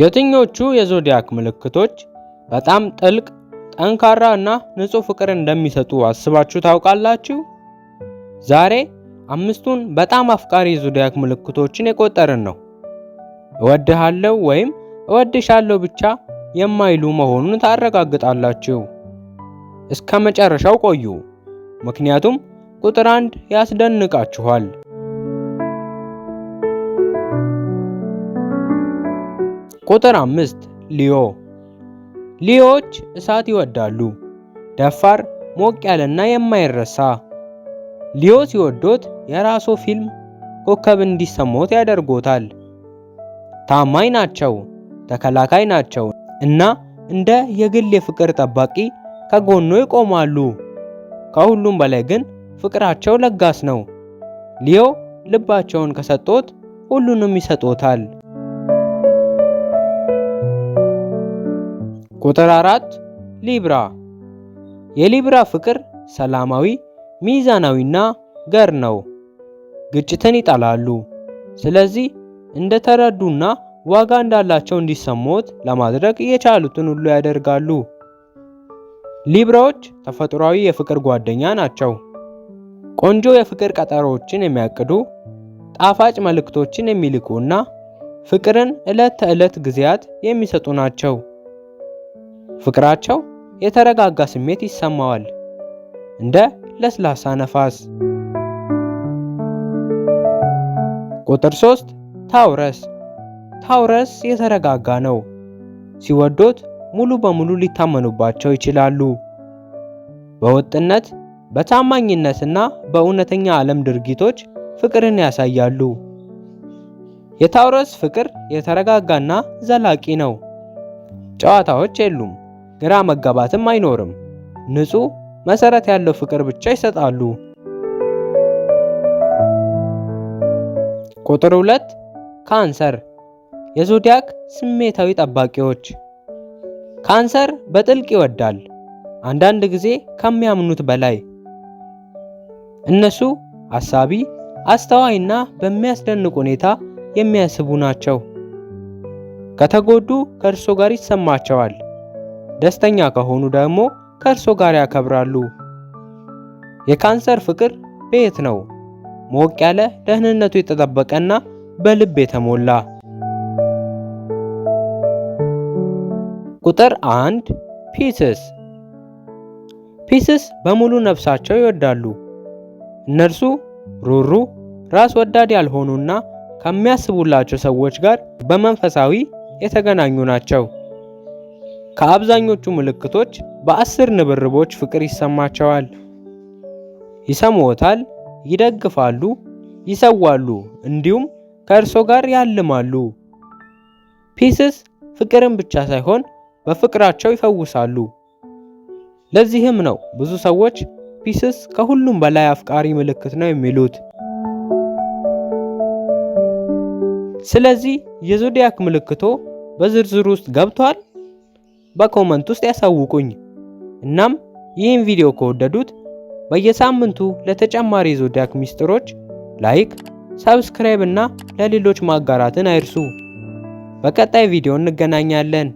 የትኞቹ የዞዲያክ ምልክቶች በጣም ጥልቅ፣ ጠንካራ እና ንጹህ ፍቅር እንደሚሰጡ አስባችሁ ታውቃላችሁ? ዛሬ አምስቱን በጣም አፍቃሪ የዞዲያክ ምልክቶችን የቆጠርን ነው። እወድሃለሁ ወይም እወድሻለሁ ብቻ የማይሉ መሆኑን ታረጋግጣላችሁ። እስከ መጨረሻው ቆዩ፣ ምክንያቱም ቁጥር አንድ ያስደንቃችኋል። ቁጥር አምስት ሊዮ ሊዮዎች እሳት ይወዳሉ። ደፋር፣ ሞቅ ያለና የማይረሳ ሊዮ ሲወዶት የራሶ ፊልም ኮከብ እንዲሰሞት ያደርጎታል። ታማኝ ናቸው፣ ተከላካይ ናቸው እና እንደ የግል የፍቅር ጠባቂ ከጎኖ ይቆማሉ። ከሁሉም በላይ ግን ፍቅራቸው ለጋስ ነው። ሊዮ ልባቸውን ከሰጦት ሁሉንም ይሰጦታል። ቁጥር አራት ሊብራ የሊብራ ፍቅር ሰላማዊ፣ ሚዛናዊና ገር ነው። ግጭትን ይጠላሉ። ስለዚህ እንደተረዱና ዋጋ እንዳላቸው እንዲሰሙት ለማድረግ የቻሉትን ሁሉ ያደርጋሉ። ሊብራዎች ተፈጥሯዊ የፍቅር ጓደኛ ናቸው። ቆንጆ የፍቅር ቀጠሮዎችን የሚያቅዱ፣ ጣፋጭ መልእክቶችን የሚልኩና ፍቅርን ዕለት ተዕለት ጊዜያት የሚሰጡ ናቸው። ፍቅራቸው የተረጋጋ ስሜት ይሰማዋል፣ እንደ ለስላሳ ነፋስ። ቁጥር 3 ታውረስ። ታውረስ የተረጋጋ ነው። ሲወዶት ሙሉ በሙሉ ሊታመኑባቸው ይችላሉ። በወጥነት በታማኝነትና በእውነተኛ ዓለም ድርጊቶች ፍቅርን ያሳያሉ። የታውረስ ፍቅር የተረጋጋና ዘላቂ ነው። ጨዋታዎች የሉም። ግራ መጋባትም አይኖርም። ንጹህ መሰረት ያለው ፍቅር ብቻ ይሰጣሉ። ቁጥር ሁለት ካንሰር የዞዲያክ ስሜታዊ ጠባቂዎች። ካንሰር በጥልቅ ይወዳል፣ አንዳንድ ጊዜ ከሚያምኑት በላይ። እነሱ አሳቢ፣ አስተዋይና በሚያስደንቅ ሁኔታ የሚያስቡ ናቸው። ከተጎዱ ከእርሶ ጋር ይሰማቸዋል። ደስተኛ ከሆኑ ደግሞ ከእርሶ ጋር ያከብራሉ። የካንሰር ፍቅር ቤት ነው። ሞቅ ያለ ደህንነቱ የተጠበቀና በልብ የተሞላ። ቁጥር አንድ ፒስስ ፒስስ በሙሉ ነፍሳቸው ይወዳሉ። እነርሱ ሩሩ፣ ራስ ወዳድ ያልሆኑና ከሚያስቡላቸው ሰዎች ጋር በመንፈሳዊ የተገናኙ ናቸው። ከአብዛኞቹ ምልክቶች በአስር ንብርቦች ፍቅር ይሰማቸዋል። ይሰሞታል፣ ይደግፋሉ፣ ይሰዋሉ እንዲሁም ከእርሶ ጋር ያልማሉ። ፒስስ ፍቅርን ብቻ ሳይሆን በፍቅራቸው ይፈውሳሉ። ለዚህም ነው ብዙ ሰዎች ፒስስ ከሁሉም በላይ አፍቃሪ ምልክት ነው የሚሉት። ስለዚህ የዞዲያክ ምልክቶ በዝርዝር ውስጥ ገብቷል? በኮመንት ውስጥ ያሳውቁኝ። እናም ይህን ቪዲዮ ከወደዱት በየሳምንቱ ለተጨማሪ ዞዲያክ ሚስጥሮች ላይክ፣ ሰብስክራይብ እና ለሌሎች ማጋራትን አይርሱ። በቀጣይ ቪዲዮ እንገናኛለን።